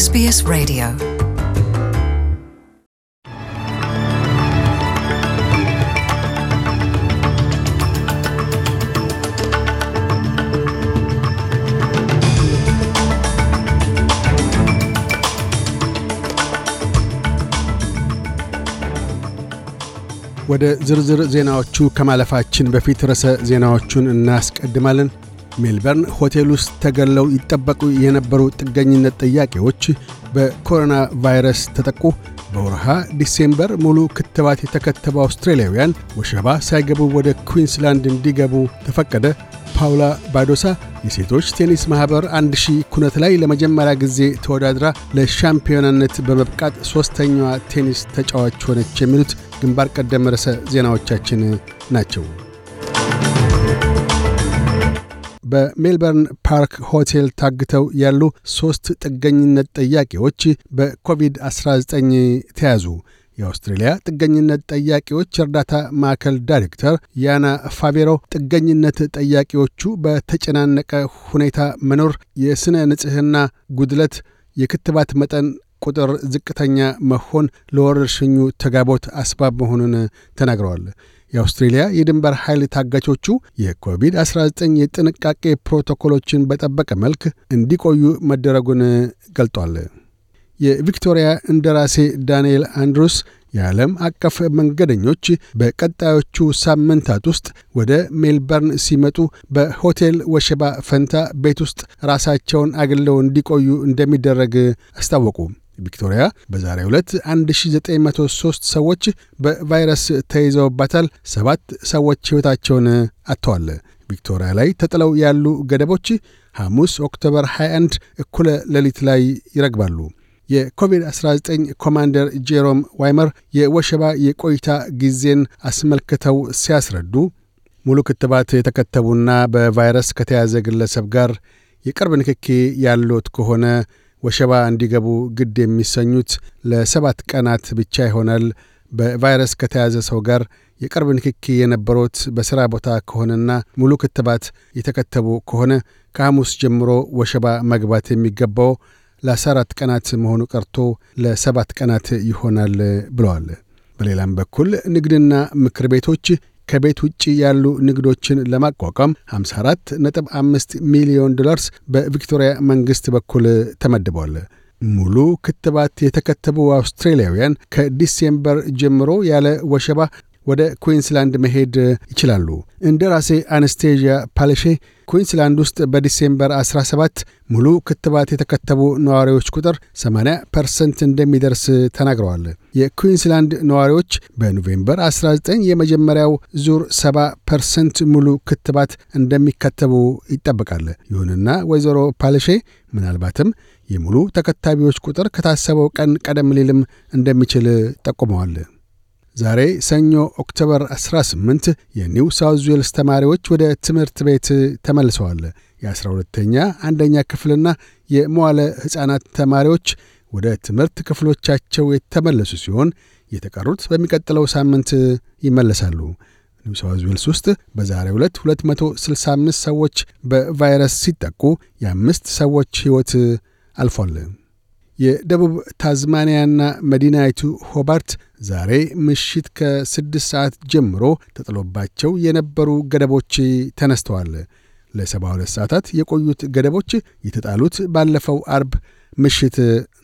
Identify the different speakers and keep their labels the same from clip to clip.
Speaker 1: ኤስቢኤስ Radio. ወደ ዝርዝር ዜናዎቹ ከማለፋችን በፊት ርዕሰ ዜናዎቹን እናስቀድማለን። ሜልበርን ሆቴል ውስጥ ተገለው ይጠበቁ የነበሩ ጥገኝነት ጥያቄዎች በኮሮና ቫይረስ ተጠቁ። በወርሃ ዲሴምበር ሙሉ ክትባት የተከተቡ አውስትራሊያውያን ወሸባ ሳይገቡ ወደ ኩዊንስላንድ እንዲገቡ ተፈቀደ። ፓውላ ባዶሳ የሴቶች ቴኒስ ማኅበር አንድ ሺህ ኩነት ላይ ለመጀመሪያ ጊዜ ተወዳድራ ለሻምፒዮናነት በመብቃት ሦስተኛዋ ቴኒስ ተጫዋች ሆነች። የሚሉት ግንባር ቀደም ርዕሰ ዜናዎቻችን ናቸው። በሜልበርን ፓርክ ሆቴል ታግተው ያሉ ሦስት ጥገኝነት ጠያቂዎች በኮቪድ-19 ተያዙ። የአውስትሬልያ ጥገኝነት ጠያቂዎች እርዳታ ማዕከል ዳይሬክተር ያና ፋቬሮ ጥገኝነት ጠያቂዎቹ በተጨናነቀ ሁኔታ መኖር፣ የሥነ ንጽሕና ጉድለት፣ የክትባት መጠን ቁጥር ዝቅተኛ መሆን ለወረርሽኙ ተጋቦት አስባብ መሆኑን ተናግረዋል። የአውስትሬልያ የድንበር ኃይል ታጋቾቹ የኮቪድ-19 የጥንቃቄ ፕሮቶኮሎችን በጠበቀ መልክ እንዲቆዩ መደረጉን ገልጧል። የቪክቶሪያ እንደራሴ ዳንኤል አንድሩስ የዓለም አቀፍ መንገደኞች በቀጣዮቹ ሳምንታት ውስጥ ወደ ሜልበርን ሲመጡ በሆቴል ወሸባ ፈንታ ቤት ውስጥ ራሳቸውን አግለው እንዲቆዩ እንደሚደረግ አስታወቁ። ቪክቶሪያ በዛሬ ዕለት 1903 ሰዎች በቫይረስ ተይዘውባታል። ሰባት ሰዎች ሕይወታቸውን አጥተዋል። ቪክቶሪያ ላይ ተጥለው ያሉ ገደቦች ሐሙስ ኦክቶበር 21 እኩለ ሌሊት ላይ ይረግባሉ። የኮቪድ-19 ኮማንደር ጄሮም ዋይመር የወሸባ የቆይታ ጊዜን አስመልክተው ሲያስረዱ ሙሉ ክትባት የተከተቡና በቫይረስ ከተያዘ ግለሰብ ጋር የቅርብ ንክኪ ያሉት ከሆነ ወሸባ እንዲገቡ ግድ የሚሰኙት ለሰባት ቀናት ብቻ ይሆናል። በቫይረስ ከተያዘ ሰው ጋር የቅርብ ንክኪ የነበሮት በሥራ ቦታ ከሆነና ሙሉ ክትባት የተከተቡ ከሆነ ከሐሙስ ጀምሮ ወሸባ መግባት የሚገባው ለአስራ አራት ቀናት መሆኑ ቀርቶ ለሰባት ቀናት ይሆናል ብለዋል። በሌላም በኩል ንግድና ምክር ቤቶች ከቤት ውጭ ያሉ ንግዶችን ለማቋቋም 54.5 ሚሊዮን ዶላርስ በቪክቶሪያ መንግሥት በኩል ተመድቧል። ሙሉ ክትባት የተከተቡ አውስትራሊያውያን ከዲሴምበር ጀምሮ ያለ ወሸባ ወደ ኩዊንስላንድ መሄድ ይችላሉ። እንደ ራሴ አነስቴዥያ ፓለሼ ኩዊንስላንድ ውስጥ በዲሴምበር 17 ሙሉ ክትባት የተከተቡ ነዋሪዎች ቁጥር 80 ፐርሰንት እንደሚደርስ ተናግረዋል። የኩዊንስላንድ ነዋሪዎች በኖቬምበር 19 የመጀመሪያው ዙር 70 ፐርሰንት ሙሉ ክትባት እንደሚከተቡ ይጠበቃል። ይሁንና ወይዘሮ ፓለሼ ምናልባትም የሙሉ ተከታቢዎች ቁጥር ከታሰበው ቀን ቀደም ሊልም እንደሚችል ጠቁመዋል። ዛሬ ሰኞ ኦክቶበር 18 የኒው ሳውዝ ዌልስ ተማሪዎች ወደ ትምህርት ቤት ተመልሰዋል። የ12ተኛ አንደኛ ክፍልና የመዋለ ሕፃናት ተማሪዎች ወደ ትምህርት ክፍሎቻቸው የተመለሱ ሲሆን የተቀሩት በሚቀጥለው ሳምንት ይመለሳሉ። ኒው ሳውዝ ዌልስ ውስጥ በዛሬ ዕለት 265 ሰዎች በቫይረስ ሲጠቁ የአምስት ሰዎች ሕይወት አልፏል። የደቡብ ታዝማኒያና መዲናይቱ ሆባርት ዛሬ ምሽት ከስድስት ሰዓት ጀምሮ ተጥሎባቸው የነበሩ ገደቦች ተነስተዋል። ለሰባ ሁለት ሰዓታት የቆዩት ገደቦች የተጣሉት ባለፈው አርብ ምሽት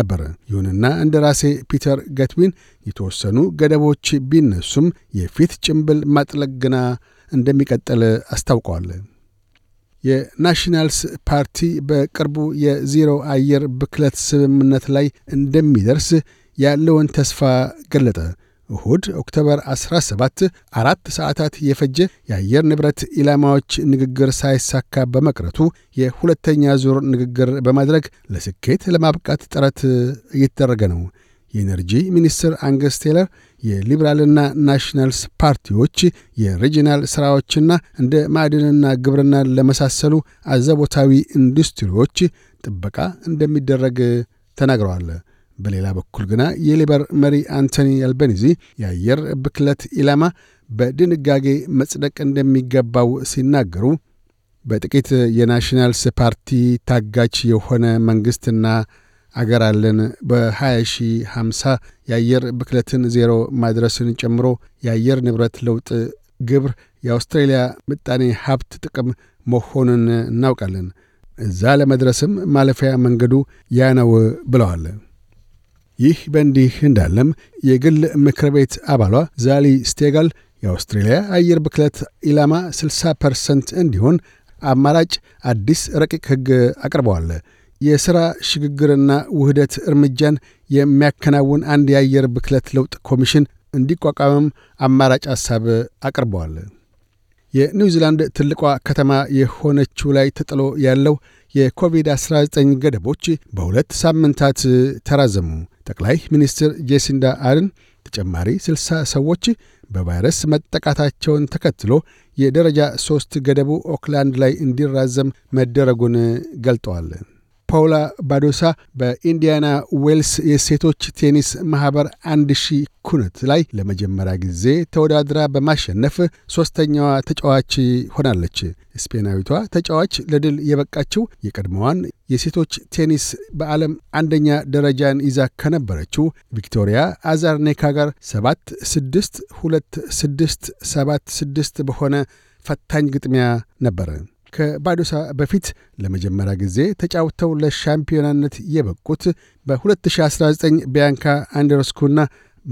Speaker 1: ነበር። ይሁንና እንደ ራሴ ፒተር ገትዊን የተወሰኑ ገደቦች ቢነሱም የፊት ጭንብል ማጥለቅ ግና እንደሚቀጥል አስታውቀዋል። የናሽናልስ ፓርቲ በቅርቡ የዜሮ አየር ብክለት ስምምነት ላይ እንደሚደርስ ያለውን ተስፋ ገለጠ። እሁድ ኦክቶበር 17 አራት ሰዓታት የፈጀ የአየር ንብረት ኢላማዎች ንግግር ሳይሳካ በመቅረቱ የሁለተኛ ዙር ንግግር በማድረግ ለስኬት ለማብቃት ጥረት እየተደረገ ነው። የኤነርጂ ሚኒስትር አንገስ ቴለር የሊበራልና ናሽናልስ ፓርቲዎች የሪጂናል ሥራዎችና እንደ ማዕድንና ግብርና ለመሳሰሉ አዘቦታዊ ኢንዱስትሪዎች ጥበቃ እንደሚደረግ ተናግረዋል። በሌላ በኩል ግና የሊበር መሪ አንቶኒ አልበኒዚ የአየር ብክለት ኢላማ በድንጋጌ መጽደቅ እንደሚገባው ሲናገሩ በጥቂት የናሽናልስ ፓርቲ ታጋች የሆነ መንግሥትና አገር አለን። በ2050 የአየር ብክለትን ዜሮ ማድረስን ጨምሮ የአየር ንብረት ለውጥ ግብር የአውስትሬልያ ምጣኔ ሀብት ጥቅም መሆኑን እናውቃለን። እዛ ለመድረስም ማለፊያ መንገዱ ያ ነው ብለዋል። ይህ በእንዲህ እንዳለም የግል ምክር ቤት አባሏ ዛሊ ስቴጋል የአውስትሬልያ አየር ብክለት ኢላማ 60 ፐርሰንት እንዲሆን አማራጭ አዲስ ረቂቅ ሕግ አቅርበዋል። የሥራ ሽግግርና ውህደት እርምጃን የሚያከናውን አንድ የአየር ብክለት ለውጥ ኮሚሽን እንዲቋቋምም አማራጭ ሐሳብ አቅርበዋል። የኒውዚላንድ ትልቋ ከተማ የሆነችው ላይ ተጥሎ ያለው የኮቪድ-19 ገደቦች በሁለት ሳምንታት ተራዘሙ። ጠቅላይ ሚኒስትር ጄሲንዳ አርን ተጨማሪ 60 ሰዎች በቫይረስ መጠቃታቸውን ተከትሎ የደረጃ ሦስት ገደቡ ኦክላንድ ላይ እንዲራዘም መደረጉን ገልጠዋል። ፓውላ ባዶሳ በኢንዲያና ዌልስ የሴቶች ቴኒስ ማኅበር አንድ ሺ ኩነት ላይ ለመጀመሪያ ጊዜ ተወዳድራ በማሸነፍ ሦስተኛዋ ተጫዋች ሆናለች። ስፔናዊቷ ተጫዋች ለድል የበቃችው የቀድሞዋን የሴቶች ቴኒስ በዓለም አንደኛ ደረጃን ይዛ ከነበረችው ቪክቶሪያ አዛርኔካ ጋር 7 6 2 6 7 በሆነ ፈታኝ ግጥሚያ ነበር። ከባዶሳ በፊት ለመጀመሪያ ጊዜ ተጫውተው ለሻምፒዮናነት የበቁት በ2019 ቢያንካ አንደርስኩና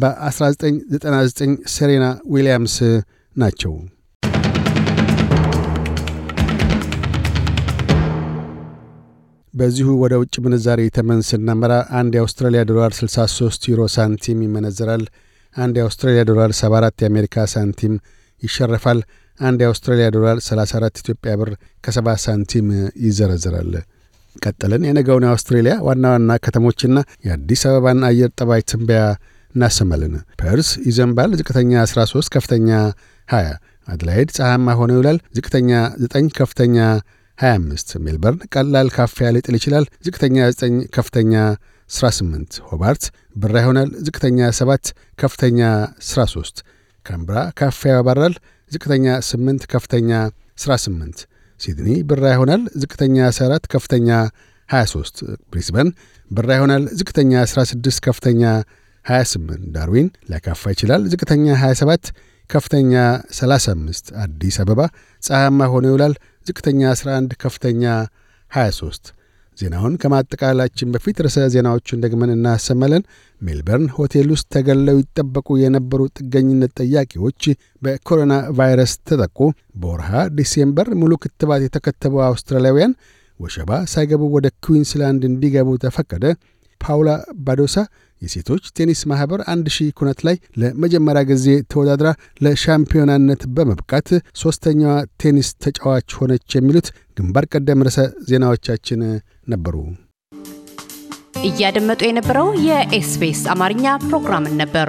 Speaker 1: በ1999 ሴሬና ዊልያምስ ናቸው። በዚሁ ወደ ውጭ ምንዛሪ ተመን ስናመራ አንድ የአውስትራሊያ ዶላር 63 ዩሮ ሳንቲም ይመነዘራል። አንድ የአውስትራሊያ ዶላር 74 የአሜሪካ ሳንቲም ይሸረፋል። አንድ የአውስትራሊያ ዶላር 34 ኢትዮጵያ ብር ከ70 ሳንቲም ይዘረዝራል። ቀጥለን የነገውን የአውስትሬሊያ ዋና ዋና ከተሞችና የአዲስ አበባን አየር ጠባይ ትንበያ እናሰማለን። ፐርስ ይዘንባል፣ ዝቅተኛ 13፣ ከፍተኛ 20። አድላይድ ፀሐማ ሆኖ ይውላል፣ ዝቅተኛ 9፣ ከፍተኛ 25። ሜልበርን ቀላል ካፊያ ሊጥል ይችላል፣ ዝቅተኛ 9፣ ከፍተኛ 18። ሆባርት ብራ ይሆናል፣ ዝቅተኛ 7፣ ከፍተኛ 13። ካምብራ ካፊያ ያባራል፣ ዝቅተኛ 8 ከፍተኛ 18። ሲድኒ ብራ ይሆናል። ዝቅተኛ 14 ከፍተኛ 23። ብሪስበን ብራ ይሆናል። ዝቅተኛ 16 ከፍተኛ 28። ዳርዊን ሊያካፋ ይችላል። ዝቅተኛ 27 ከፍተኛ 35። አዲስ አበባ ፀሐያማ ሆኖ ይውላል። ዝቅተኛ 11 ከፍተኛ 23። ዜናውን ከማጠቃላችን በፊት ርዕሰ ዜናዎቹን ደግመን እናሰማለን። ሜልበርን ሆቴል ውስጥ ተገለው ይጠበቁ የነበሩ ጥገኝነት ጠያቂዎች በኮሮና ቫይረስ ተጠቁ። በወርሃ ዲሴምበር ሙሉ ክትባት የተከተቡ አውስትራሊያውያን ወሸባ ሳይገቡ ወደ ኩዊንስላንድ እንዲገቡ ተፈቀደ። ፓውላ ባዶሳ የሴቶች ቴኒስ ማኅበር አንድ ሺህ ኩነት ላይ ለመጀመሪያ ጊዜ ተወዳድራ ለሻምፒዮናነት በመብቃት ሦስተኛዋ ቴኒስ ተጫዋች ሆነች። የሚሉት ግንባር ቀደም ርዕሰ ዜናዎቻችን ነበሩ። እያደመጡ የነበረው የኤስቢኤስ አማርኛ ፕሮግራምን ነበር።